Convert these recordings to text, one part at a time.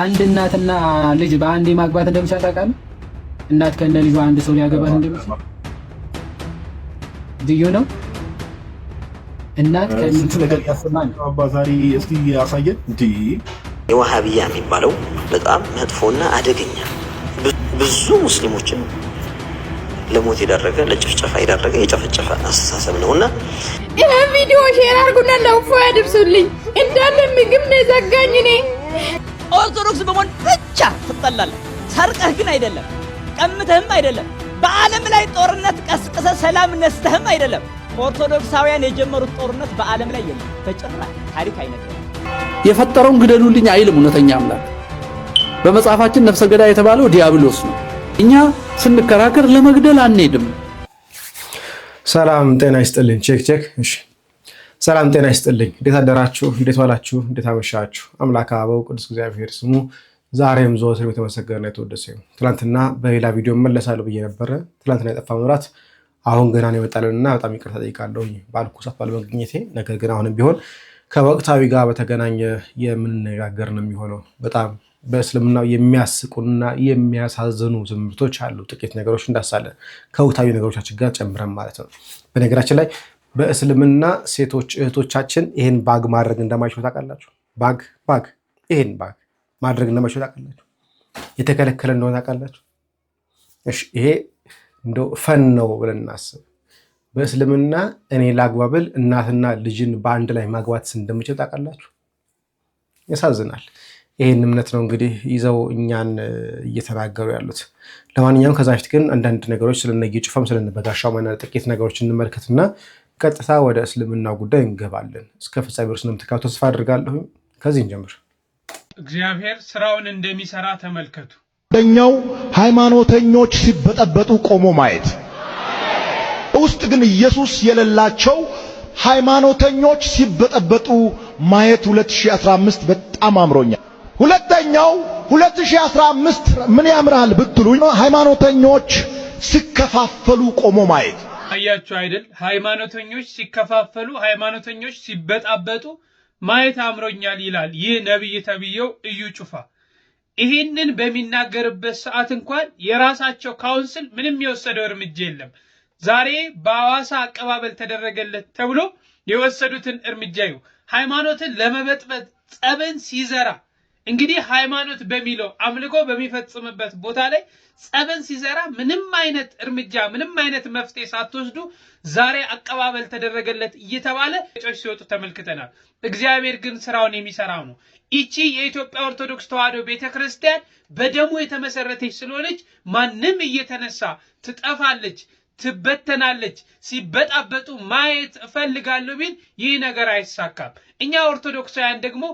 አንድ እናትና ልጅ በአንድ ማግባት እንደምቻል ታውቃለህ? እናት ከነ ልጇ አንድ ሰው ሊያገባት እንደምቻል ድዩ ነው። እናት ከልጅ ነገር ያሰማኝ አባዛሪ እስቲ ያሳየን። እንዲ የዋሃብያ የሚባለው በጣም መጥፎና አደገኛ ብዙ ሙስሊሞችን ለሞት የዳረገ ለጭፍጨፋ የዳረገ የጨፈጨፈ አስተሳሰብ ነውና ይህ ቪዲዮ ሼር አድርጉና ለውፎ ያድብሱልኝ። እንዳለ ምግብ ነው የዘጋኝ እኔ ኦርቶዶክስ በመሆን ብቻ ትጠላለህ። ሰርቀህ ግን አይደለም፣ ቀምተህም አይደለም፣ በዓለም ላይ ጦርነት ቀስቅሰ ሰላም ነስተህም አይደለም። ኦርቶዶክሳውያን የጀመሩት ጦርነት በዓለም ላይ የለም። በጭራሽ ታሪክ አይነት የፈጠረውን ግደሉልኝ አይልም እውነተኛ አምላክ። በመጽሐፋችን ነፍሰ ገዳይ የተባለው ዲያብሎስ ነው። እኛ ስንከራከር ለመግደል አንሄድም። ሰላም ጤና ይስጥልኝ። ቼክ ቼክ። እሺ ሰላም ጤና ይስጥልኝ። እንዴት አደራችሁ? እንዴት ዋላችሁ? እንዴት አመሻችሁ? አምላክ አበው ቅዱስ እግዚአብሔር ስሙ ዛሬም ዘወትር የተመሰገነና የተወደሰ ይሁን። ትናንትና በሌላ ቪዲዮ መለሳለሁ ብዬ ነበረ። ትላንትና የጠፋ መብራት አሁን ገና ነው የመጣልንና በጣም ይቅርታ ጠይቃለሁ ባልኩ ሰዓት ባለመገኘቴ። ነገር ግን አሁንም ቢሆን ከወቅታዊ ጋር በተገናኘ የምንነጋገር ነው የሚሆነው። በጣም በእስልምናው የሚያስቁና የሚያሳዝኑ ትምህርቶች አሉ። ጥቂት ነገሮች እንዳሳለን ከወቅታዊ ነገሮቻችን ጋር ጨምረን ማለት ነው። በነገራችን ላይ በእስልምና ሴቶች እህቶቻችን ይህን ባግ ማድረግ እንደማይችሉ ታውቃላችሁ። ባግ ባግ ይህን ባግ ማድረግ እንደማይችሉ ታውቃላችሁ። የተከለከለ እንደሆነ ታውቃላችሁ። ይሄ እንደው ፈን ነው ብለን እናስብ። በእስልምና እኔ ላግባብል እናትና ልጅን በአንድ ላይ ማግባት እንደምችል ታውቃላችሁ። ያሳዝናል። ይህን እምነት ነው እንግዲህ ይዘው እኛን እየተናገሩ ያሉት። ለማንኛውም ከዛ በፊት ግን አንዳንድ ነገሮች ስለነጌ ስለነበጋሻው ጥቂት ነገሮች እንመልከትና ቀጥታ ወደ እስልምና ጉዳይ እንገባለን። እስከ ፍጻሜ ድረስ ተስፋ አድርጋለሁ። ከዚህ ጀምር እግዚአብሔር ስራውን እንደሚሰራ ተመልከቱ። አንደኛው ሃይማኖተኞች ሲበጠበጡ ቆሞ ማየት ውስጥ ግን ኢየሱስ የሌላቸው ሃይማኖተኞች ሲበጠበጡ ማየት 2015 በጣም አምሮኛል። ሁለተኛው 2015 ምን ያምራል ብትሉኝ፣ ሃይማኖተኞች ሲከፋፈሉ ቆሞ ማየት እያያችሁ አይደል? ሃይማኖተኞች ሲከፋፈሉ፣ ሃይማኖተኞች ሲበጣበጡ ማየት አምሮኛል ይላል ይህ ነቢይ ተብዬው እዩ ጩፋ። ይህንን በሚናገርበት ሰዓት እንኳን የራሳቸው ካውንስል ምንም የወሰደው እርምጃ የለም። ዛሬ በአዋሳ አቀባበል ተደረገለት ተብሎ የወሰዱትን እርምጃ ይሁ ሃይማኖትን ለመበጥበጥ ጸብን ሲዘራ እንግዲህ ሃይማኖት በሚለው አምልኮ በሚፈጽምበት ቦታ ላይ ጸበን ሲዘራ ምንም አይነት እርምጃ ምንም አይነት መፍትሄ ሳትወስዱ ዛሬ አቀባበል ተደረገለት እየተባለ ጮች ሲወጡ ተመልክተናል። እግዚአብሔር ግን ስራውን የሚሰራው ነው። ይቺ የኢትዮጵያ ኦርቶዶክስ ተዋሕዶ ቤተ ክርስቲያን በደሙ የተመሰረተች ስለሆነች ማንም እየተነሳ ትጠፋለች ትበተናለች፣ ሲበጣበጡ ማየት እፈልጋለሁ ቢል ይህ ነገር አይሳካም። እኛ ኦርቶዶክሳውያን ደግሞ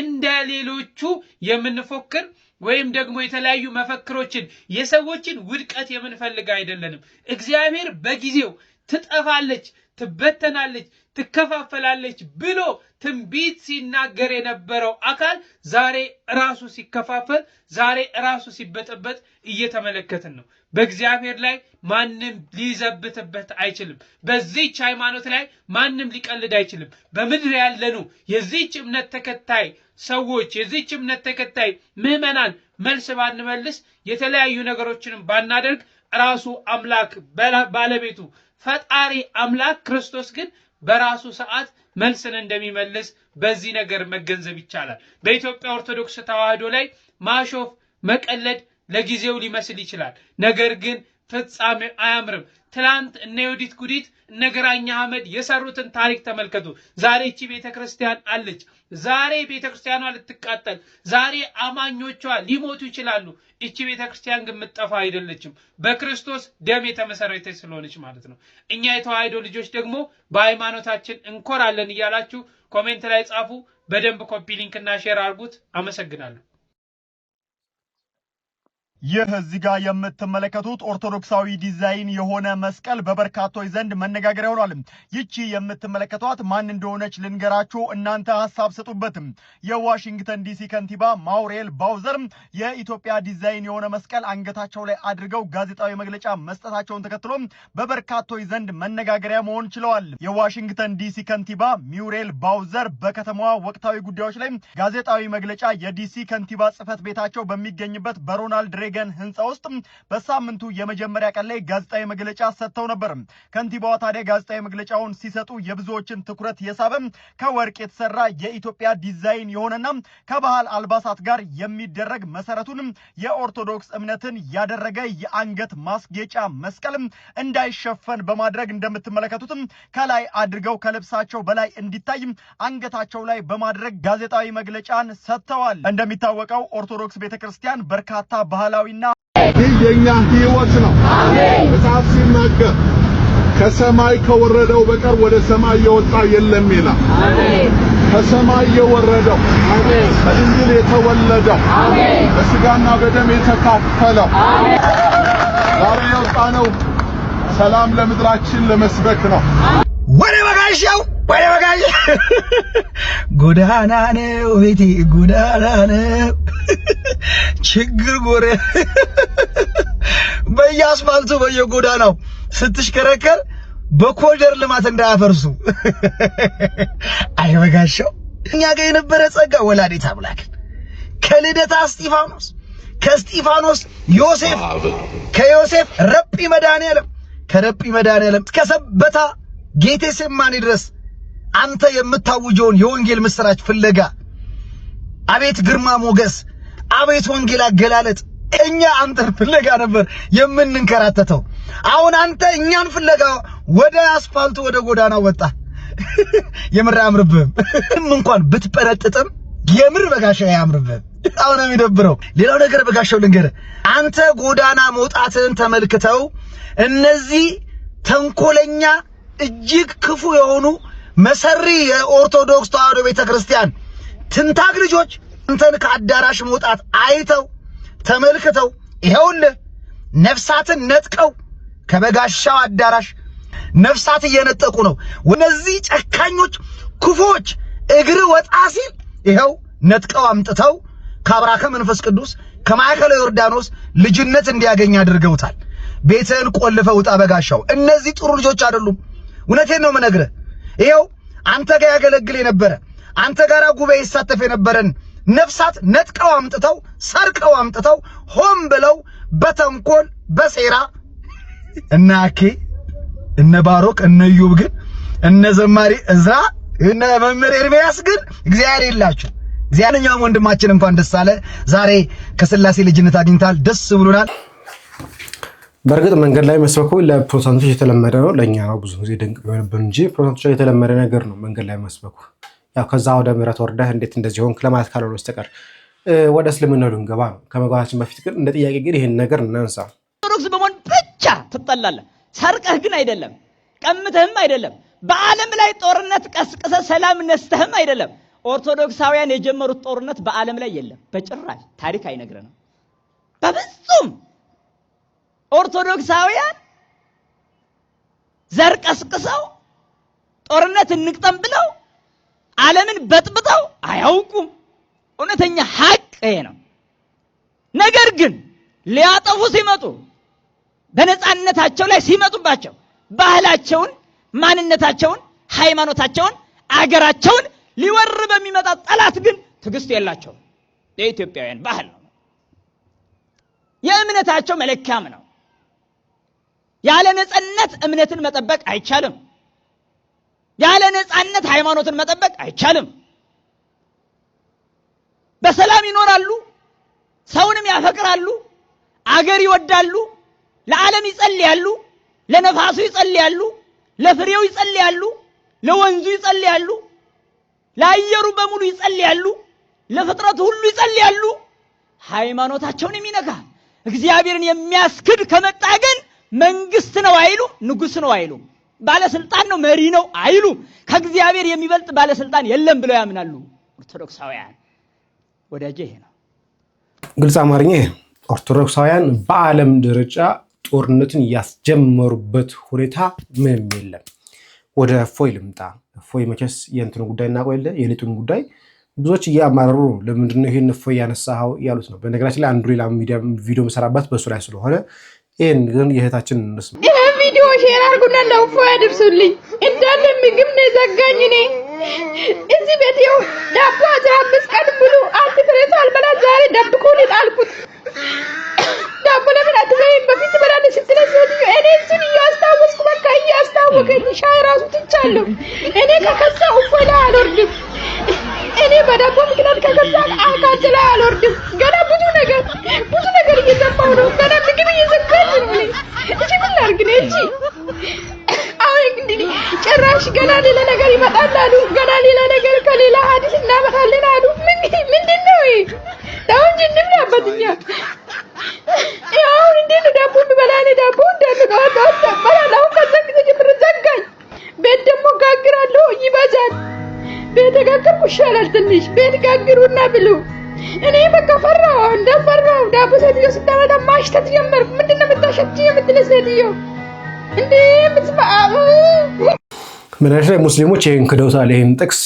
እንደ ሌሎቹ የምንፎክር ወይም ደግሞ የተለያዩ መፈክሮችን የሰዎችን ውድቀት የምንፈልግ አይደለንም። እግዚአብሔር በጊዜው ትጠፋለች፣ ትበተናለች፣ ትከፋፈላለች ብሎ ትንቢት ሲናገር የነበረው አካል ዛሬ ራሱ ሲከፋፈል፣ ዛሬ ራሱ ሲበጠበጥ እየተመለከትን ነው። በእግዚአብሔር ላይ ማንም ሊዘብትበት አይችልም። በዚች ሃይማኖት ላይ ማንም ሊቀልድ አይችልም። በምድር ያለኑ የዚች እምነት ተከታይ ሰዎች የዚች እምነት ተከታይ ምዕመናን መልስ ባንመልስ፣ የተለያዩ ነገሮችንም ባናደርግ ራሱ አምላክ ባለቤቱ ፈጣሪ አምላክ ክርስቶስ ግን በራሱ ሰዓት መልስን እንደሚመልስ በዚህ ነገር መገንዘብ ይቻላል። በኢትዮጵያ ኦርቶዶክስ ተዋህዶ ላይ ማሾፍ፣ መቀለድ ለጊዜው ሊመስል ይችላል። ነገር ግን ፍጻሜ አያምርም። ትላንት እነ ዮዲት ጉዲት እነ ግራኛ አህመድ የሰሩትን ታሪክ ተመልከቱ። ዛሬ እቺ ቤተ ክርስቲያን አለች። ዛሬ ቤተ ክርስቲያኗ ልትቃጠል፣ ዛሬ አማኞቿ ሊሞቱ ይችላሉ። እቺ ቤተ ክርስቲያን ግን ምጠፋ አይደለችም፣ በክርስቶስ ደም የተመሰረተች ስለሆነች ማለት ነው። እኛ የተዋህዶ ልጆች ደግሞ በሃይማኖታችን እንኮራለን እያላችሁ ኮሜንት ላይ ጻፉ። በደንብ ኮፒ ሊንክና ሼር አድርጉት። አመሰግናለሁ። ይህ እዚህ ጋር የምትመለከቱት ኦርቶዶክሳዊ ዲዛይን የሆነ መስቀል በበርካቶች ዘንድ መነጋገሪያ ሆኗል። ይቺ የምትመለከቷት ማን እንደሆነች ልንገራችሁ፣ እናንተ ሀሳብ ስጡበትም። የዋሽንግተን ዲሲ ከንቲባ ማውሬል ባውዘር የኢትዮጵያ ዲዛይን የሆነ መስቀል አንገታቸው ላይ አድርገው ጋዜጣዊ መግለጫ መስጠታቸውን ተከትሎ በበርካቶች ዘንድ መነጋገሪያ መሆን ችለዋል። የዋሽንግተን ዲሲ ከንቲባ ሚውሬል ባውዘር በከተማዋ ወቅታዊ ጉዳዮች ላይ ጋዜጣዊ መግለጫ የዲሲ ከንቲባ ጽህፈት ቤታቸው በሚገኝበት በሮናልድ ወገን ህንፃ ውስጥ በሳምንቱ የመጀመሪያ ቀን ላይ ጋዜጣዊ መግለጫ ሰጥተው ነበር። ከንቲባዋ ታዲያ ጋዜጣዊ መግለጫውን ሲሰጡ የብዙዎችን ትኩረት የሳበ ከወርቅ የተሰራ የኢትዮጵያ ዲዛይን የሆነና ከባህል አልባሳት ጋር የሚደረግ መሰረቱን የኦርቶዶክስ እምነትን ያደረገ የአንገት ማስጌጫ መስቀል እንዳይሸፈን በማድረግ እንደምትመለከቱትም ከላይ አድርገው ከልብሳቸው በላይ እንዲታይ አንገታቸው ላይ በማድረግ ጋዜጣዊ መግለጫን ሰጥተዋል። እንደሚታወቀው ኦርቶዶክስ ቤተክርስቲያን በርካታ ባህላዊ ይህ የኛ ህይወት ነው። መጽሐፍ ሲናገር ከሰማይ ከወረደው በቀር ወደ ሰማይ የወጣ የለም ይላል። ከሰማይ የወረደው በእንግል የተወለደው በስጋና በደም የተካፈለው ዛሬ የወጣ ነው ሰላም ለምድራችን ለመስበክ ነው። ወደ በጋሻው ወደ በጋሻው ጎዳና ነው ቤቴ ጎዳና ነው ችግር ጎረ በየአስፋልቱ በየጎዳናው ስትሽከረከር በኮሪደር ልማት እንዳያፈርሱ። አይ በጋሻው እኛ ጋር የነበረ ጸጋ ወላዲት አምላክን ከልደታ እስጢፋኖስ ከእስጢፋኖስ ዮሴፍ ከዮሴፍ ረጲ መድኃኔዓለም ከረጲ መድኃኔዓለም እስከ ጌቴሴማኒ ድረስ አንተ የምታውጀውን የወንጌል ምስራች ፍለጋ አቤት ግርማ ሞገስ፣ አቤት ወንጌል አገላለጥ እኛ አንተ ፍለጋ ነበር የምንንከራተተው። አሁን አንተ እኛን ፍለጋ ወደ አስፋልቱ ወደ ጎዳና ወጣ። የምር አያምርብህም። እንኳን ብትጠረጥጥም የምር በጋሻ አያምርብህም። አሁን የሚደብረው ሌላው ነገር በጋሻው ልንገርህ፣ አንተ ጎዳና መውጣትን ተመልክተው እነዚህ ተንኮለኛ እጅግ ክፉ የሆኑ መሰሪ የኦርቶዶክስ ተዋህዶ ቤተ ክርስቲያን ትንታግ ልጆች እንተን ከአዳራሽ መውጣት አይተው ተመልክተው ይኸውልህ ነፍሳትን ነጥቀው ከበጋሻው አዳራሽ ነፍሳት እየነጠቁ ነው። እነዚህ ጨካኞች ክፉዎች እግር ወጣ ሲል ይኸው ነጥቀው አምጥተው ከአብራከ መንፈስ ቅዱስ ከማዕከለ ዮርዳኖስ ልጅነት እንዲያገኝ አድርገውታል። ቤትህን ቆልፈው ውጣ በጋሻው። እነዚህ ጥሩ ልጆች አይደሉም። እውነቴን ነው የምነግርህ። ይኸው አንተ ጋር ያገለግል የነበረ አንተ ጋር ጉባኤ ይሳተፍ የነበረን ነፍሳት ነጥቀው አምጥተው ሰርቀው አምጥተው ሆን ብለው በተንኮል በሴራ እነ አኬ እነ ባሮክ እነ ዩብ ግን እነ ዘማሪ እዝራ እነ መምህር ኤርሚያስ ግን እግዚአብሔር የላችሁ። እግዚአብሔርኛውም ወንድማችን እንኳን ደስ አለ። ዛሬ ከስላሴ ልጅነት አግኝታል። ደስ ብሎናል። በእርግጥ መንገድ ላይ መስበኩ ለፕሮቴስታንቶች የተለመደ ነው። ለእኛ ነው ብዙ ጊዜ ድንቅ ቢሆንብን እንጂ ፕሮቴስታንቶች ላይ የተለመደ ነገር ነው መንገድ ላይ መስበኩ። ያው ከዛ ወደ ምሕረት ወርደህ እንዴት እንደዚህ ሆንክ ለማለት ካልሆነ በስተቀር ወደ እስልምና ልንገባ ነው። ከመግባታችን በፊት ግን እንደ ጥያቄ ግን ይህን ነገር እናንሳ። ኦርቶዶክስ በመሆን ብቻ ትጠላለህ። ሰርቀህ ግን አይደለም፣ ቀምተህም አይደለም፣ በዓለም ላይ ጦርነት ቀስቅሰ ሰላም ነስተህም አይደለም። ኦርቶዶክሳውያን የጀመሩት ጦርነት በዓለም ላይ የለም፣ በጭራሽ ታሪክ አይነግረንም በብዙም ኦርቶዶክሳውያን ዘር ቀስቅሰው ጦርነት እንቅጠም ብለው ዓለምን በጥብጠው አያውቁም። እውነተኛ ሀቅ ይሄ ነው። ነገር ግን ሊያጠፉ ሲመጡ በነፃነታቸው ላይ ሲመጡባቸው ባህላቸውን፣ ማንነታቸውን፣ ሃይማኖታቸውን፣ አገራቸውን ሊወር በሚመጣ ጠላት ግን ትዕግስት የላቸውም። የኢትዮጵያውያን ባህል ነው። የእምነታቸው መለኪያም ነው። ያለ ነፃነት እምነትን መጠበቅ አይቻልም። ያለ ነፃነት ሃይማኖትን መጠበቅ አይቻልም። በሰላም ይኖራሉ፣ ሰውንም ያፈቅራሉ፣ አገር ይወዳሉ፣ ለዓለም ይጸልያሉ፣ ለነፋሱ ይጸልያሉ፣ ለፍሬው ይጸልያሉ፣ ለወንዙ ይጸልያሉ፣ ለአየሩ በሙሉ ይጸልያሉ፣ ለፍጥረቱ ሁሉ ይጸልያሉ። ሃይማኖታቸውን የሚነካ እግዚአብሔርን የሚያስክድ ከመጣ ግን መንግስት ነው አይሉ፣ ንጉስ ነው አይሉ፣ ባለስልጣን ነው መሪ ነው አይሉ። ከእግዚአብሔር የሚበልጥ ባለስልጣን የለም ብለው ያምናሉ ኦርቶዶክሳውያን። ወዳጄ ይሄ ነው ግልጽ አማርኛ። ይሄ ኦርቶዶክሳውያን በዓለም ደረጃ ጦርነትን ያስጀመሩበት ሁኔታ ምንም የለም። ወደ እፎይ ልምጣ። እፎይ መቼስ የእንትኑ ጉዳይ እናቆየለ የሊጡን ጉዳይ ብዙዎች እያማረሩ ለምንድነው ይህን እፎይ ያነሳው ያሉት ነው። በነገራችን ላይ አንዱ ሌላ ቪዲዮ መሰራባት በእሱ ላይ ስለሆነ ይህን ግን የእህታችን እንስ ይህ ቪዲዮ ሼር አርጉና ለውፎ ያድርሱልኝ። እንዳለ ምግብ ነው የዘጋኝ። እኔ እዚህ ቤት ው ዳቦ አስራ አምስት ቀን ብሉ አንድ ፍሬ ሳልበላት ዛሬ ደብቆ ነው የጣልኩት። ዳቦ ለምን አትበይም? በፊት በላለ ስትለኝ ሴትዮ እኔ እሱን እያስታወስኩ በቃ እያስታወቀኝ ሻይ ራሱ ትቻለሁ። እኔ ከከሳ ውፎላ ላይ አልወርድም እኔ በዳቦ ምክንያት ከገዛት አካንት ላይ አልወርድም። ገና ብዙ ነገር ብዙ ነገር እየዘባሁ ነው። ገና ምግብ እየዘጋች ነው። እኔ ምን ላድርግ ነው እቺ አሁን እንግዲህ ጭራሽ ገና ሌላ ነገር ይመጣል አሉ። ገና ሌላ ነገር ከሌላ ሀዲስ እናመጣለን አሉ። ምንድን ነው ይሄ? ተው እንጂ እንብላበትኛ። አሁን እንዴት ነው ዳቦ የምበላ እኔ? ዳቦ እንዳለ ጠዋት ጠዋት ጠበላል። አሁን ከዛ ጊዜ ጀምሮ ዘጋኝ። ቤት ደግሞ ጋግራለሁ ይበዛል ቤት ጋግሩ ይሻላል። ትንሽ ቤት ጋግሩና ብሉ። እኔ በቃ ፈራሁ፣ እንደፈራሁ ዳቦ ሴትዮ ስታመጣ ማሽተት ጀመርኩ። ምንድን ነው የምታሸችው የምትለኝ ሴትዮ እንዴ ምትማ በነገራችን ላይ ሙስሊሞች ይህን ክደውታል። ይህን ጥቅስ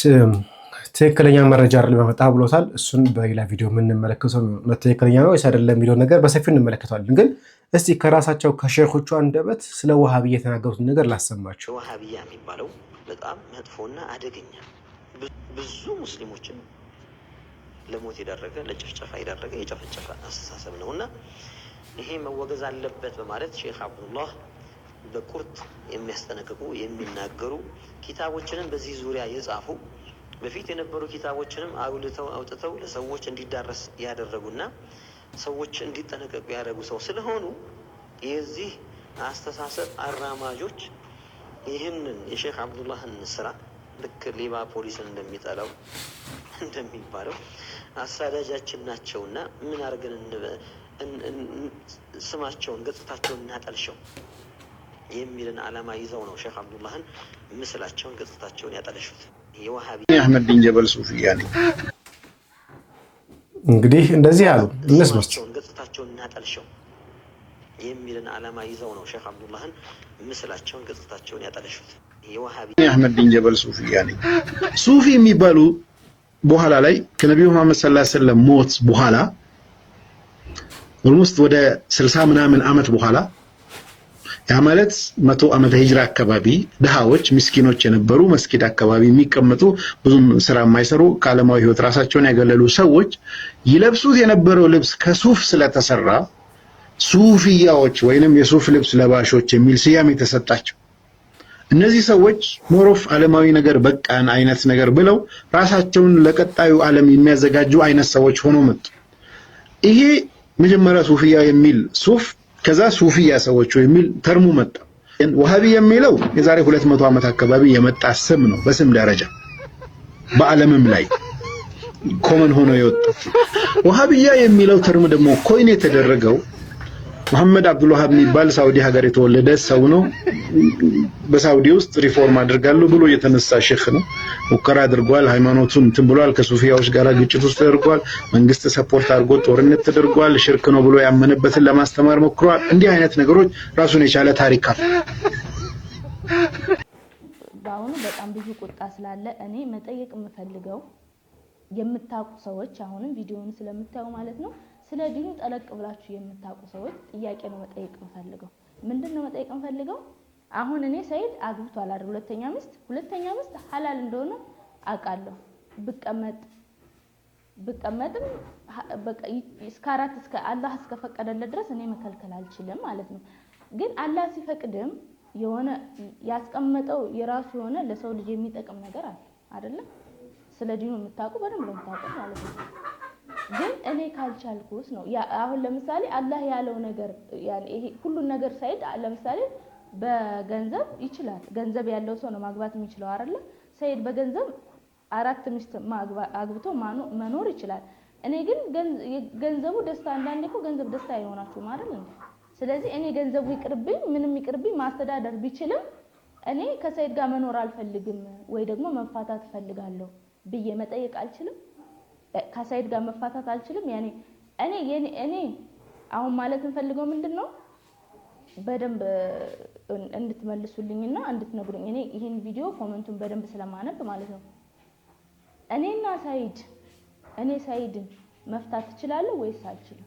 ትክክለኛ መረጃ አይደለም ያመጣ ብሎታል። እሱን በሌላ ቪዲዮ የምንመለከተው ትክክለኛ ነው ወይስ አይደለም የሚለውን ነገር በሰፊው እንመለከተዋለን። ግን እስቲ ከራሳቸው ከሼኾቹ አንደበት ስለ ውሃብያ የተናገሩትን ነገር ላሰማቸው። ውሃብያ የሚባለው በጣም መጥፎና አደገኛ ብዙ ሙስሊሞችን ለሞት የዳረገ ለጭፍጨፋ የዳረገ የጨፈጨፈ አስተሳሰብ ነው እና ይሄ መወገዝ አለበት በማለት ሼክ አብዱላህ በቁርጥ የሚያስጠነቅቁ የሚናገሩ ኪታቦችንም በዚህ ዙሪያ የጻፉ በፊት የነበሩ ኪታቦችንም አውልተው አውጥተው ለሰዎች እንዲዳረስ ያደረጉና ሰዎች እንዲጠነቀቁ ያደረጉ ሰው ስለሆኑ የዚህ አስተሳሰብ አራማጆች ይህንን የሼክ አብዱላህን ስራ ልክ ሌባ ፖሊስን እንደሚጠላው እንደሚባለው አሳዳጃችን ናቸው እና ምን አድርገን ስማቸውን ገጽታቸውን እናጠልሸው የሚልን አላማ ይዘው ነው ሼክ አብዱላህን ምስላቸውን ገጽታቸውን ያጠለሹት። የዋሃቢ አህመድ ቢን ጀበል ሱፊያ እንግዲህ እንደዚህ አሉ። ስማቸውን ገጽታቸውን እናጠልሸው የሚልን አላማ ይዘው ነው ሼክ አብዱላህን ምስላቸውን፣ ገጽታቸውን ያጠለሹት። የዋሃቢ አህመድ ቢን ጀበል ሱፊ ነኝ። ሱፊ የሚባሉ በኋላ ላይ ከነቢዩ መሐመድ ሰለላሁ ዐለይሂ ወሰለም ሞት በኋላ ኦልሞስት ወደ ስልሳ ምናምን ዓመት በኋላ ያ ማለት መቶ ዓመተ ሂጅራ አካባቢ ድሃዎች፣ ምስኪኖች የነበሩ መስጊድ አካባቢ የሚቀመጡ ብዙም ስራ የማይሰሩ ከዓለማዊ ህይወት ራሳቸውን ያገለሉ ሰዎች ይለብሱት የነበረው ልብስ ከሱፍ ስለተሰራ ሱፊያዎች ወይንም የሱፍ ልብስ ለባሾች የሚል ስያሜ የተሰጣቸው እነዚህ ሰዎች ሞሮፍ ዓለማዊ ነገር በቃን አይነት ነገር ብለው ራሳቸውን ለቀጣዩ ዓለም የሚያዘጋጁ አይነት ሰዎች ሆኖ መጡ። ይሄ መጀመሪያ ሱፊያ የሚል ሱፍ፣ ከዛ ሱፊያ ሰዎች የሚል ተርሙ መጣ። ወሃቢ የሚለው የዛሬ 200 ዓመት አካባቢ የመጣ ስም ነው። በስም ደረጃ በዓለምም ላይ ኮመን ሆኖ የወጣ ወሃቢያ የሚለው ተርም ደግሞ ኮይን የተደረገው መሐመድ አብዱልዋሃብ የሚባል ሳውዲ ሀገር የተወለደ ሰው ነው። በሳውዲ ውስጥ ሪፎርም አድርጋለሁ ብሎ የተነሳ ሼክ ነው። ሙከራ አድርጓል። ሃይማኖቱን እንትን ብሏል። ከሱፊያዎች ጋር ግጭት ውስጥ ተደርጓል። መንግስት ሰፖርት አድርጎ ጦርነት ተደርጓል። ሽርክ ነው ብሎ ያመነበትን ለማስተማር ሞክሯል። እንዲህ አይነት ነገሮች ራሱን የቻለ ታሪክ አለ። በአሁኑ በጣም ብዙ ቁጣ ስላለ እኔ መጠየቅ የምፈልገው የምታውቁ ሰዎች አሁንም ቪዲዮውን ስለምታዩ ማለት ነው ስለ ዲኑ ጠለቅ ብላችሁ የምታውቁ ሰዎች ጥያቄ ነው መጠየቅ የምፈልገው። ምንድን ነው መጠየቅ የምፈልገው? አሁን እኔ ሰይድ አግብቷል አይደል? ሁለተኛ ሚስት ሁለተኛ ሚስት ሀላል እንደሆነ አውቃለሁ። ብቀመጥ ብቀመጥም እስከ አራት እስከ አላህ እስከፈቀደለት ድረስ እኔ መከልከል አልችልም ማለት ነው። ግን አላህ ሲፈቅድም የሆነ ያስቀመጠው የራሱ የሆነ ለሰው ልጅ የሚጠቅም ነገር አለ አይደለም። ስለ ዲኑ የምታውቁ በደንብ ነው ማለት ነው። ግን እኔ ካልቻልኩስ ነው። አሁን ለምሳሌ አላህ ያለው ነገር ሁሉን ነገር ሳይድ ለምሳሌ በገንዘብ ይችላል። ገንዘብ ያለው ሰው ነው ማግባት የሚችለው አይደለ? ሰይድ በገንዘብ አራት ሚስት አግብቶ መኖር ይችላል። እኔ ግን ገንዘቡ ደስታ አንዳንዴ እኮ ገንዘብ ደስታ አይሆናችሁ ማለት ነው። ስለዚህ እኔ ገንዘቡ ይቅርብኝ፣ ምንም ይቅርብኝ፣ ማስተዳደር ቢችልም እኔ ከሰይድ ጋር መኖር አልፈልግም ወይ ደግሞ መፋታት እፈልጋለሁ ብዬ መጠየቅ አልችልም። ከሳይድ ጋር መፋታት አልችልም። ያኔ እኔ የኔ እኔ አሁን ማለት እንፈልገው ምንድን ነው በደንብ እንድትመልሱልኝና እንድትነግሩኝ። እኔ ይህን ቪዲዮ ኮመንቱን በደንብ ስለማነብ ማለት ነው። እኔና ሳይድ እኔ ሳይድን መፍታት እችላለሁ ወይስ አልችልም?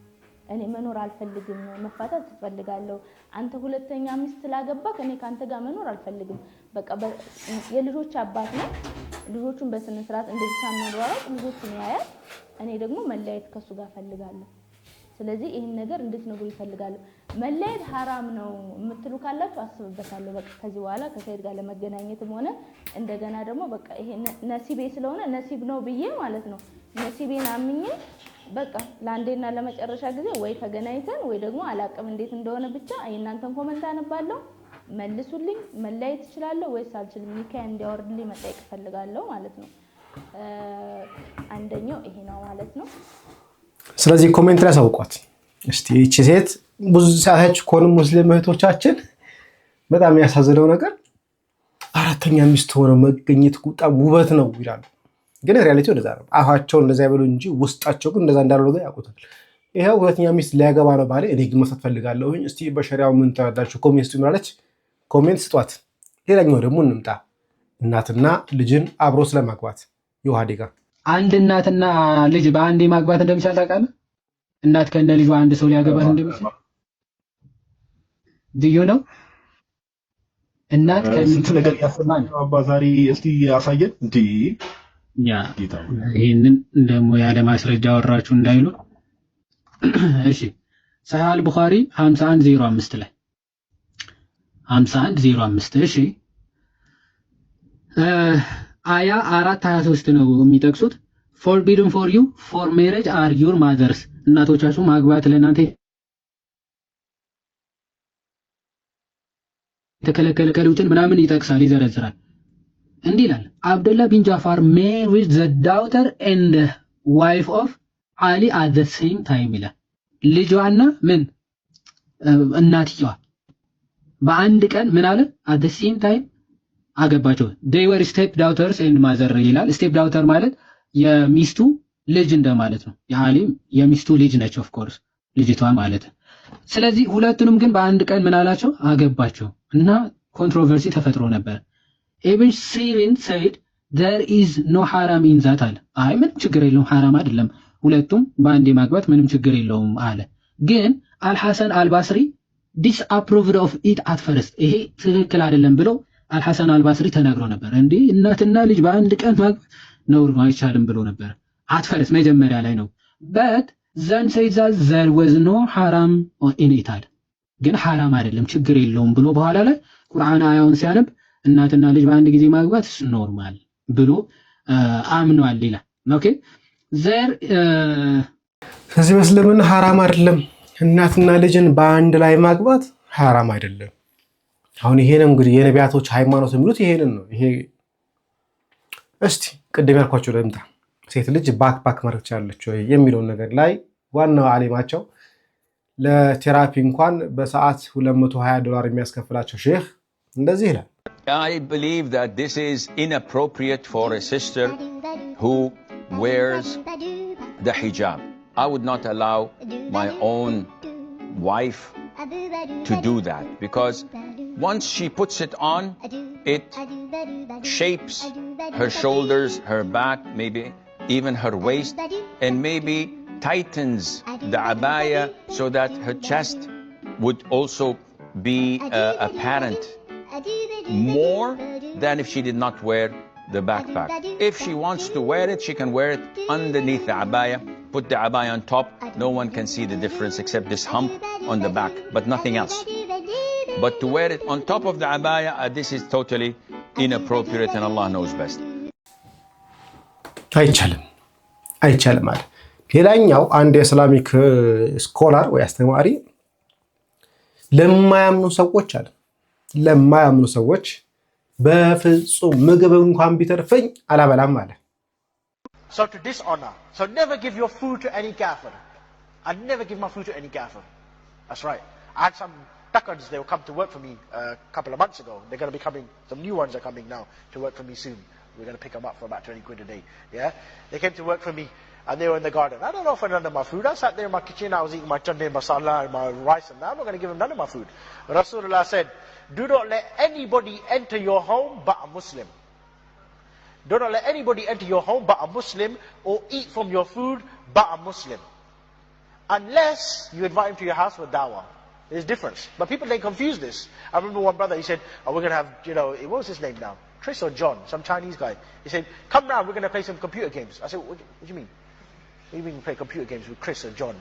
እኔ መኖር አልፈልግም፣ መፋታት ትፈልጋለሁ። አንተ ሁለተኛ ሚስት ስላገባክ እኔ ከአንተ ጋር መኖር አልፈልግም። በቃ የልጆች አባት ነው። ልጆቹን በስነ ስርዓት እንደዚህ ሳናሯሯጥ ልጆቹን ያያል። እኔ ደግሞ መለያየት ከሱ ጋር ፈልጋለሁ። ስለዚህ ይህን ነገር እንድትነግሩ ይፈልጋለሁ። መለያየት ሀራም ነው የምትሉ ካላችሁ አስብበታለሁ። በቃ ከዚህ በኋላ ከሰይድ ጋር ለመገናኘትም ሆነ እንደገና ደግሞ በቃ ይሄ ነሲቤ ስለሆነ ነሲብ ነው ብዬ ማለት ነው ነሲቤን አምኜ በቃ ለአንዴና ለመጨረሻ ጊዜ ወይ ተገናኝተን ወይ ደግሞ አላቅም እንዴት እንደሆነ ብቻ የእናንተን ኮመንት አነባለሁ። መልሱልኝ። መለያየት እችላለሁ ወይስ አልችልም? ኒካያ እንዲያወርድልኝ መጠየቅ እፈልጋለሁ ማለት ነው። አንደኛው ይሄ ነው ማለት ነው። ስለዚህ ኮሜንት ላይ ያሳውቋት እስቲ። ይቺ ሴት ብዙ ሰዓታች ከሆኑ ሙስሊም እህቶቻችን በጣም ያሳዝነው ነገር አራተኛ ሚስት ሆነ መገኘት በጣም ውበት ነው ይላሉ። ግን ሪያሊቲ እንደዛ ነው። አፋቸው እንደዛ ይበሉ እንጂ ውስጣቸው ግን እንደዛ እንዳለ ነገር ያውቁታል። ይኸው ሁለተኛ ሚስት ሊያገባ ነው ባለ እኔ ግን መፍታት ፈልጋለሁኝ። እስቲ በሸሪያው ምን ተረዳችሁ? ኮሚኒስቱ ምላለች ኮሜንት ስጧት። ሌላኛው ደግሞ እንምጣ እናትና ልጅን አብሮ ስለማግባት የውሃ ዴጋ አንድ እናትና ልጅ በአንድ ማግባት እንደሚቻል ታውቃለህ? እናት ከእንደ ልጇ አንድ ሰው ሊያገባት እንደሚችል ድዩ ነው። እናት ከስንት ነገር ያሰማል። ዛሬ እስቲ ያሳየን። እንዲ ይህንን ደግሞ ያለ ማስረጃ አወራችሁ እንዳይሉ። እሺ ሳህል ቡኻሪ 5105 ላይ 5105 እሺ አያ 423 ነው የሚጠቅሱት ፎርቢድን ፎር ዩ ፎር ሜሬጅ አር ዩር ማዘርስ እናቶቻችሁ ማግባት ለእናንተ የተከለከሉትን ምናምን ይጠቅሳል ይዘረዝራል እንዲህ ይላል አብደላ ቢን ጃፋር ሜሪድ ዘ ዳውተር ኤንድ ዋይፍ ኦፍ አሊ አት ዘ ሴም ታይም ይላል ልጇና ምን እናትየዋ በአንድ ቀን ምን አለ አት ሴም ታይም አገባቸው። ዴይወር ስቴፕ ዳውተርስ ኤንድ ማዘር ይላል። ስቴፕ ዳውተር ማለት የሚስቱ ልጅ እንደማለት ነው። የአሊም የሚስቱ ልጅ ነች ኦፍ ኮርስ ልጅቷ ማለት ስለዚህ ሁለቱንም ግን በአንድ ቀን ምን አላቸው አገባቸው እና ኮንትሮቨርሲ ተፈጥሮ ነበር። ኢብን ሲሪን ሰይድ ዘር ኢዝ ኖ ሐራም ኢንዛት አለ። አይ ምንም ችግር የለውም ሐራም አይደለም ሁለቱም በአንድ ማግባት ምንም ችግር የለውም አለ። ግን አልሐሰን አልባስሪ ዲስአፕሮቭድ ኦፍ ኢት አት ፈርስት ይሄ ትክክል አይደለም ብለው አልሐሰን አልባስሪ ተናግሮ ነበር። እንዲህ እናትና ልጅ በአንድ ቀን ማግባት ነውር ነው አይቻልም ብሎ ነበር። አት ፈርስት መጀመሪያ ላይ ነው በት ዘን ሰይዛ ዘር ወዝ ኖ ሐራም ኢኔታድ ግን ሐራም አይደለም ችግር የለውም ብሎ በኋላ ላይ ቁርአን አያውን ሲያነብ እናትና ልጅ በአንድ ጊዜ ማግባት ኖርማል ብሎ አምኗል ይላል። ኦኬ ዘር እዚህ መስለምን ሐራም አይደለም እናትና ልጅን በአንድ ላይ ማግባት ሀራም አይደለም። አሁን ይሄ ነው እንግዲህ የነቢያቶች ሃይማኖት የሚሉት ይሄንን ነው። ይሄ እስቲ ቅድም ያልኳቸው ለምጣ ሴት ልጅ ባክ ባክ ማድረግ ትችላለች ወይ የሚለውን ነገር ላይ ዋናው አሊማቸው ለቴራፒ እንኳን በሰዓት 220 ዶላር የሚያስከፍላቸው ሼህ እንደዚህ ይላል። I believe that this is inappropriate for a sister who wears the hijab. I would not allow my own wife to do that because once she puts it on, it shapes her shoulders, her back, maybe even her waist, and maybe tightens the abaya so that her chest would also be uh, apparent more than if she did not wear the backpack. If she wants to wear it, she can wear it underneath the abaya Put the abaya on top. No one can see the difference except this hump on the back, but nothing else. But to wear it on top of the abaya, uh, this is totally inappropriate and Allah knows best. አይቻልም አይቻልም አለ። ሌላኛው አንድ የእስላሚክ ስኮላር ወይ አስተማሪ ለማያምኑ ሰዎች አለ ለማያምኑ ሰዎች በፍጹም ምግብ እንኳን ቢተርፈኝ አላበላም አለ። So to dishonor. So never give your food to any kafir. I never give my food to any kafir. That's right. I had some Takans, they will come to work for me a uh, couple of months ago. They're going to be coming, some new ones are coming now to work for me soon. We're going to pick them up for about 20 quid a day. Yeah? They came to work for me and they were in the garden. I don't offer none of my food. I sat there in my kitchen, I was eating my my masala and my rice and that. I'm not going to give them none of my food. Rasulullah said, do not let anybody enter your home but a Muslim. Don't let anybody enter your home but a Muslim or eat from your food but a Muslim. Unless you invite him to your house with dawah. There's difference. But people, they confuse this. I remember one brother, he said, oh, we're going to have, you know, what was his name now? Chris or John, some Chinese guy. He said, come round, we're going to play some computer games. I said, what, what do you mean? we even play computer games with Chris or John.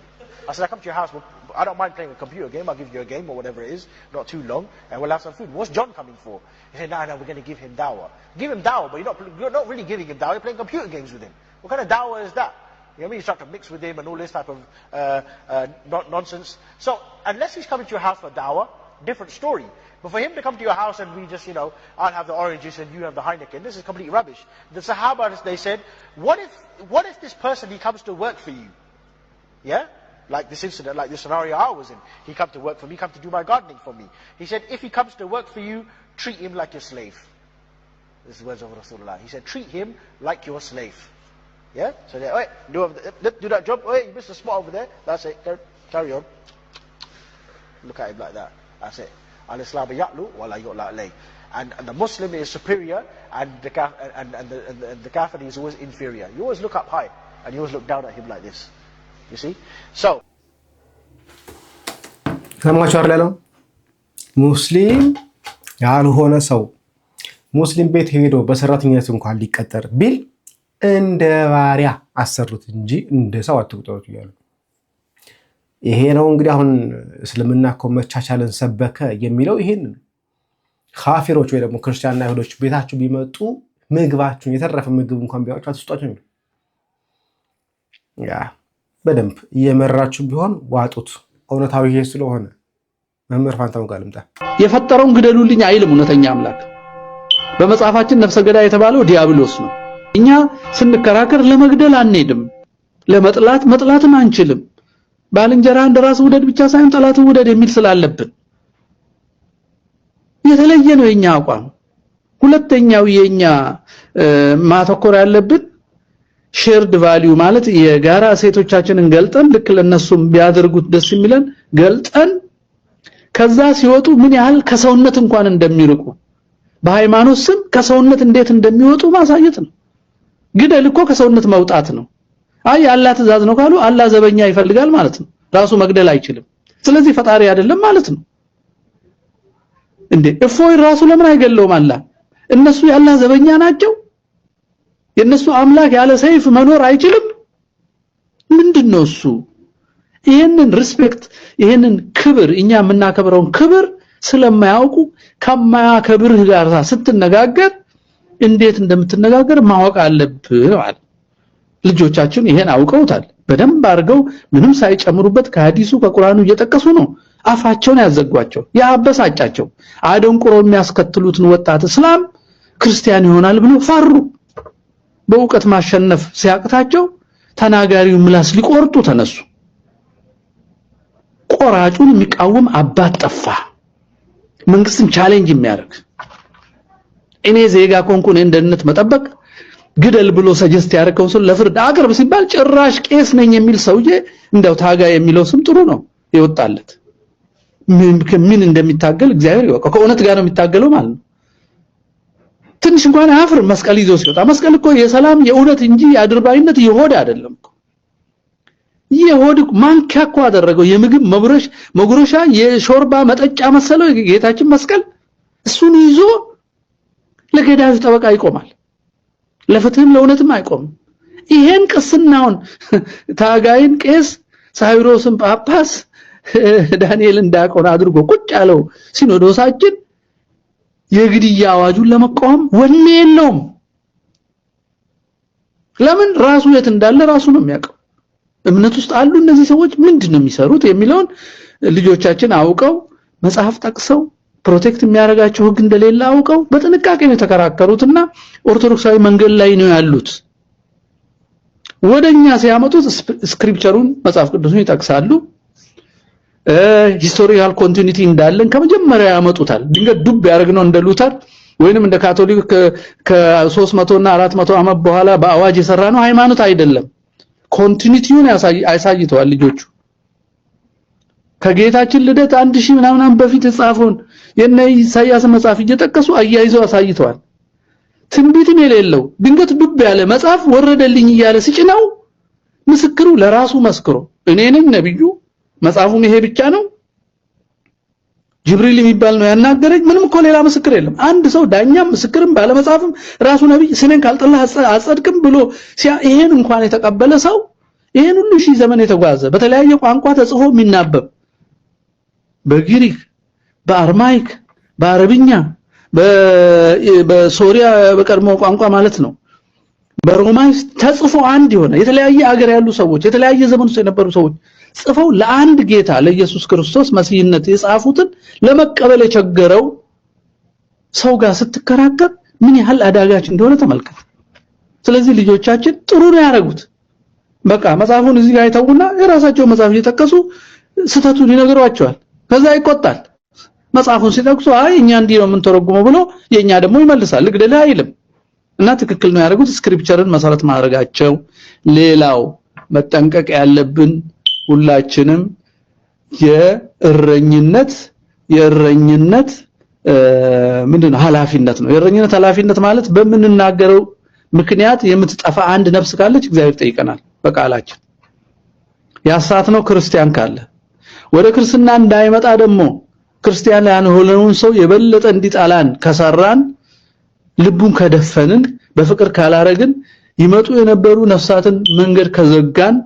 I said, I come to your house, I don't mind playing a computer game. I'll give you a game or whatever it is, not too long, and we'll have some food. What's John coming for? He said, no, no, we're going to give him dawah. Give him dawah, but you're not, you're not really giving him dawah. You're playing computer games with him. What kind of dawah is that? You know what I mean? You start to mix with him and all this type of uh, uh, nonsense. So unless he's coming to your house for dawah, different story. But for him to come to your house and we just, you know, I'll have the orange juice and you have the Heineken, this is complete rubbish. The Sahaba, they said, what if, what if this person, he comes to work for you? Yeah? Like this incident, like this scenario I was in. He come to work for me, come to do my gardening for me. He said, if he comes to work for you, treat him like your slave. This is the words of Rasulullah. He said, treat him like your slave. Yeah? So they, wait, do, do that job. Wait, you missed a spot over there. That's it. Carry on. Look at him like that. That's it. al-Islam ya'lu wa la yu'la alayh. And, and, the Muslim is superior and the, and, and, the, and, the, and the Kafir is always inferior. You always look up high and you always look down at him like this. You see? So. Muslim. አይደል ያለው ሙስሊም ያልሆነ ሰው ሙስሊም ቤት ሄዶ በሰራተኝነት እንኳን ሊቀጠር ቢል እንደ ባሪያ አሰሩት እንጂ እንደ ሰው አትቁጠሩት እያሉ ይሄ ነው እንግዲህ አሁን እስልምና እኮ መቻቻልን ሰበከ የሚለው ይሄን ካፊሮች ወይ ደግሞ ክርስቲያንና አይሁዶች ቤታችሁ ቢመጡ ምግባችሁን የተረፈ ምግብ እንኳን ቢያወች አትስጧቸው የሚለው በደንብ እየመራችሁ ቢሆን ዋጡት። እውነታዊ ይሄ ስለሆነ መምህር ፋንታ ጋልምጣ የፈጠረውን ግደሉልኝ አይልም እውነተኛ አምላክ። በመጽሐፋችን ነፍሰ ገዳይ የተባለው ዲያብሎስ ነው። እኛ ስንከራከር ለመግደል አንሄድም፣ ለመጥላት መጥላትም አንችልም። ባልንጀራህን ራስ ውደድ ብቻ ሳይሆን ጠላት ውደድ የሚል ስላለብን የተለየ ነው የኛ አቋም። ሁለተኛው የኛ ማተኮር ያለብን ሼርድ ቫልዩ ማለት የጋራ እሴቶቻችንን ገልጠን ልክ ለነሱም ቢያደርጉት ደስ የሚለን ገልጠን ከዛ ሲወጡ ምን ያህል ከሰውነት እንኳን እንደሚርቁ በሃይማኖት ስም ከሰውነት እንዴት እንደሚወጡ ማሳየት ነው። ግደል እኮ ከሰውነት መውጣት ነው። አይ አላህ ትእዛዝ ነው ካሉ አላህ ዘበኛ ይፈልጋል ማለት ነው። ራሱ መግደል አይችልም። ስለዚህ ፈጣሪ አይደለም ማለት ነው። እንዴ እፎይ ራሱ ለምን አይገለውም? አላህ እነሱ የአላህ ዘበኛ ናቸው። የእነሱ አምላክ ያለ ሰይፍ መኖር አይችልም። ምንድን ነው እሱ? ይህንን ሪስፔክት ይህንን ክብር እኛ የምናከብረውን ክብር ስለማያውቁ ከማያከብርህ ጋር ስትነጋገር እንዴት እንደምትነጋገር ማወቅ አለብህ ማለት ልጆቻችን ይሄን አውቀውታል በደንብ አድርገው ምንም ሳይጨምሩበት ከሐዲሱ ከቁርአኑ እየጠቀሱ ነው አፋቸውን ያዘጓቸው ያበሳጫቸው አደንቁሮ የሚያስከትሉትን ወጣት እስላም ክርስቲያን ይሆናል ብሎ ፈሩ በእውቀት ማሸነፍ ሲያቅታቸው ተናጋሪው ምላስ ሊቆርጡ ተነሱ ቆራጩን የሚቃወም አባት ጠፋ መንግስትን ቻሌንጅ የሚያደርግ እኔ ዜጋ ኮንኩ እኔን ደህንነት መጠበቅ ግደል ብሎ ሰጀስት ያደረገው ሰው ለፍርድ አቅርብ ሲባል ጭራሽ ቄስ ነኝ የሚል ሰውዬ እንደው ታጋ የሚለው ስም ጥሩ ነው ይወጣለት። ምን እንደሚታገል እግዚአብሔር ይወቀው። ከእውነት ጋር ነው የሚታገለው ማለት ነው። ትንሽ እንኳን አፍር መስቀል ይዞ ሲወጣ መስቀል እኮ የሰላም የእውነት እንጂ የአድርባይነት የሆድ አይደለም እኮ የሆድ ማንኪያ እኮ አደረገው። የምግብ መብረሽ መጉረሻ የሾርባ መጠጫ መሰለው ጌታችን መስቀል። እሱን ይዞ ለገዳዩ ጠበቃ ይቆማል። ለፍትህም ለእውነትም አይቆምም። ይሄን ቅስናውን ታጋይን ቄስ ሳይሮስን ጳጳስ ዳንኤል እንዳቆን አድርጎ ቁጭ ያለው ሲኖዶሳችን የግድያ አዋጁን ለመቃወም ወኔ የለውም። ለምን ራሱ የት እንዳለ ራሱ ነው የሚያውቀው። እምነት ውስጥ አሉ እነዚህ ሰዎች ምንድን ነው የሚሰሩት የሚለውን ልጆቻችን አውቀው መጽሐፍ ጠቅሰው ፕሮቴክት የሚያደርጋቸው ህግ እንደሌለ አውቀው በጥንቃቄ ነው የተከራከሩትና ኦርቶዶክሳዊ መንገድ ላይ ነው ያሉት። ወደኛ ሲያመጡት ስክሪፕቸሩን መጽሐፍ ቅዱስን ይጠቅሳሉ። ሂስቶሪካል ኮንቲኒቲ እንዳለን ከመጀመሪያ ያመጡታል። ድንገት ዱብ ያደረግነው እንደ ሉተር ወይንም እንደ ካቶሊክ ከሶስት መቶ እና አራት መቶ ዓመት በኋላ በአዋጅ የሰራ ነው ሃይማኖት አይደለም። ኮንቲኒቲውን ያሳይተዋል ልጆቹ ከጌታችን ልደት አንድ ሺህ ምናምን በፊት የጻፈውን የነ ኢሳያስ መጽሐፍ እየጠቀሱ አያይዘው አሳይተዋል። ትንቢትም የሌለው ድንገት ዱብ ያለ መጽሐፍ ወረደልኝ እያለ ሲጭነው ምስክሩ ለራሱ መስክሮ እኔ ነኝ ነብዩ፣ መጽሐፉም ይሄ ብቻ ነው፣ ጅብሪል የሚባል ነው ያናገረኝ። ምንም እኮ ሌላ ምስክር የለም። አንድ ሰው ዳኛም ምስክርም ባለመጽሐፍም ራሱ ነብይ ስሜን ካልጠላህ አጸድቅም ብሎ ይሄን እንኳን የተቀበለ ሰው ይሄን ሁሉ ሺህ ዘመን የተጓዘ በተለያየ ቋንቋ ተጽፎ የሚናበብ በግሪክ በአርማይክ በአረብኛ በሶሪያ በቀድሞ ቋንቋ ማለት ነው በሮማይ ተጽፎ አንድ የሆነ የተለያየ አገር ያሉ ሰዎች የተለያየ ዘመን ውስጥ የነበሩ ሰዎች ጽፈው ለአንድ ጌታ ለኢየሱስ ክርስቶስ መሲህነት የጻፉትን ለመቀበል የቸገረው ሰው ጋር ስትከራከር ምን ያህል አዳጋች እንደሆነ ተመልከት። ስለዚህ ልጆቻችን ጥሩ ነው ያደረጉት። በቃ መጽሐፉን እዚህ ጋር አይተውና የራሳቸውን መጽሐፍ እየጠቀሱ ስህተቱን ይነግሯቸዋል። ከዛ ይቆጣል። መጽሐፉን ሲጠቅሱ አይ እኛ እንዲህ ነው የምንተረጉመው ብሎ የኛ ደግሞ ይመልሳል። ልግደልህ አይልም እና ትክክል ነው ያደርጉት ስክሪፕቸርን መሰረት ማድረጋቸው። ሌላው መጠንቀቅ ያለብን ሁላችንም የእረኝነት የእረኝነት ምንድን ነው ኃላፊነት ነው። የእረኝነት ኃላፊነት ማለት በምንናገረው ምክንያት የምትጠፋ አንድ ነፍስ ካለች እግዚአብሔር ጠይቀናል በቃላችን። ያሳት ነው ክርስቲያን ካለ ወደ ክርስትና እንዳይመጣ ደግሞ ክርስቲያን ያልሆነውን ሰው የበለጠ እንዲጣላን ከሰራን፣ ልቡን ከደፈንን፣ በፍቅር ካላረግን፣ ይመጡ የነበሩ ነፍሳትን መንገድ ከዘጋን፣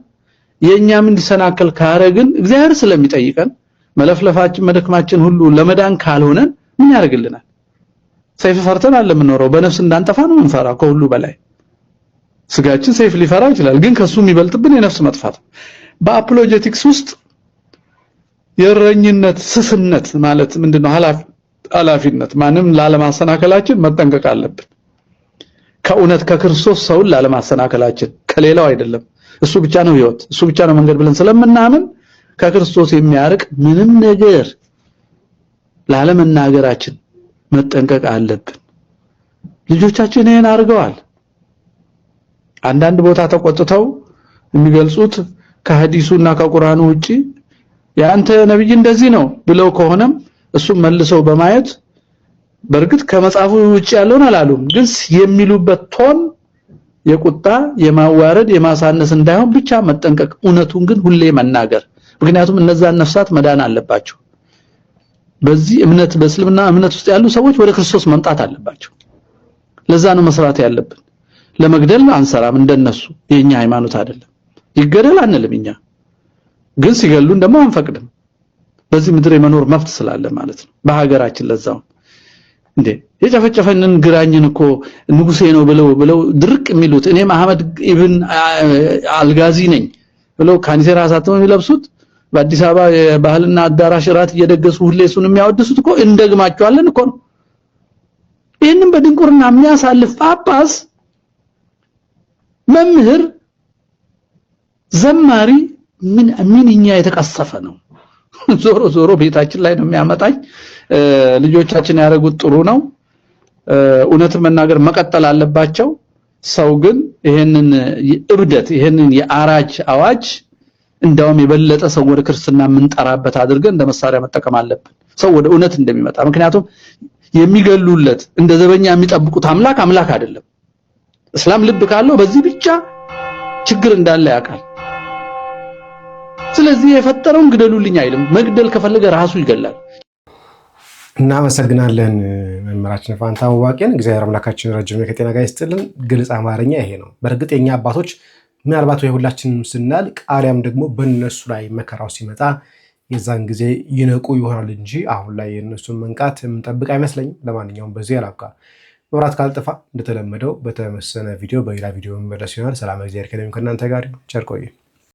የኛም እንዲሰናከል ካረግን፣ እግዚአብሔር ስለሚጠይቀን መለፍለፋችን መደክማችን ሁሉ ለመዳን ካልሆነን ምን ያደርግልናል? ሰይፍ ፈርተን አለ የምንኖረው በነፍስ እንዳንጠፋ ነው የምንፈራ ከሁሉ በላይ ስጋችን ሰይፍ ሊፈራ ይችላል፣ ግን ከሱ የሚበልጥብን የነፍስ መጥፋት በአፖሎጀቲክስ ውስጥ የእረኝነት ስስነት ማለት ምንድነው? ኃላፊነት ማንም ላለማሰናከላችን መጠንቀቅ አለብን። ከእውነት ከክርስቶስ ሰውን ላለማሰናከላችን ከሌላው አይደለም። እሱ ብቻ ነው ህይወት እሱ ብቻ ነው መንገድ ብለን ስለምናምን ከክርስቶስ የሚያርቅ ምንም ነገር ላለመናገራችን መጠንቀቅ አለብን። ልጆቻችን ይሄን አድርገዋል። አንዳንድ ቦታ ተቆጥተው የሚገልጹት ከሐዲሱና ከቁርአኑ ውጪ ያንተ ነብይ እንደዚህ ነው ብለው ከሆነም እሱም መልሰው በማየት በእርግጥ ከመጽሐፉ ውጭ ያለውን አላሉም፣ ግን የሚሉበት ቶን የቁጣ የማዋረድ የማሳነስ እንዳይሆን ብቻ መጠንቀቅ፣ እውነቱን ግን ሁሌ መናገር። ምክንያቱም እነዛን ነፍሳት መዳን አለባቸው። በዚህ እምነት በእስልምና እምነት ውስጥ ያሉ ሰዎች ወደ ክርስቶስ መምጣት አለባቸው። ለዛ ነው መስራት ያለብን። ለመግደል አንሰራም። እንደነሱ የኛ ሃይማኖት አይደለም። ይገደል አንልም እኛ ግን ሲገሉን ደግሞ አንፈቅድም። በዚህ ምድር የመኖር መብት ስላለ ማለት ነው። በሀገራችን ለዛውም እንዴ የጨፈጨፈንን ግራኝን እኮ ንጉሴ ነው ብለው ብለው ድርቅ የሚሉት እኔም አህመድ ኢብን አልጋዚ ነኝ ብለው ካኒሴራ አሳትመው የሚለብሱት በአዲስ አበባ የባህልና አዳራሽ እራት እየደገሱ ሁሌ እሱን የሚያወድሱት እኮ እንደግማቸዋለን እኮ ነው። ይህንን በድንቁርና የሚያሳልፍ ጳጳስ፣ መምህር፣ ዘማሪ ምን ምንኛ የተቀሰፈ ነው። ዞሮ ዞሮ ቤታችን ላይ ነው የሚያመጣኝ። ልጆቻችን ያደረጉት ጥሩ ነው። እውነትን መናገር መቀጠል አለባቸው። ሰው ግን ይሄንን እብደት ይሄንን የአራጅ አዋጅ እንዳውም የበለጠ ሰው ወደ ክርስትና የምንጠራበት አድርገን እንደ መሳሪያ መጠቀም አለብን፣ ሰው ወደ እውነት እንደሚመጣ። ምክንያቱም የሚገሉለት እንደ ዘበኛ የሚጠብቁት አምላክ አምላክ አይደለም። እስላም ልብ ካለው በዚህ ብቻ ችግር እንዳለ ያውቃል። ስለዚህ የፈጠረውን ግደሉልኝ አይልም። መግደል ከፈለገ ራሱ ይገላል። እናመሰግናለን መምህራችን ፋንታሁን ዋቄን። እግዚአብሔር አምላካችን ረጅም ከጤና ጋር ይስጥልን። ግልጽ አማርኛ ይሄ ነው። በእርግጥ የኛ አባቶች ምናልባት ወይ ሁላችንም ቃሪያም ደግሞ በነሱ ላይ መከራው ሲመጣ የዛን ጊዜ ይነቁ ይሆናል እንጂ አሁን ላይ የእነሱን መንቃት የምንጠብቅ አይመስለኝም። ለማንኛውም በዚህ ያላብቃ። መብራት ካልጠፋ እንደተለመደው በተመሰነ ቪዲዮ በሌላ ቪዲዮ መመለስ ይሆናል። ሰላም፣ እግዚአብሔር ከእናንተ ጋር ቸር ቆዩ።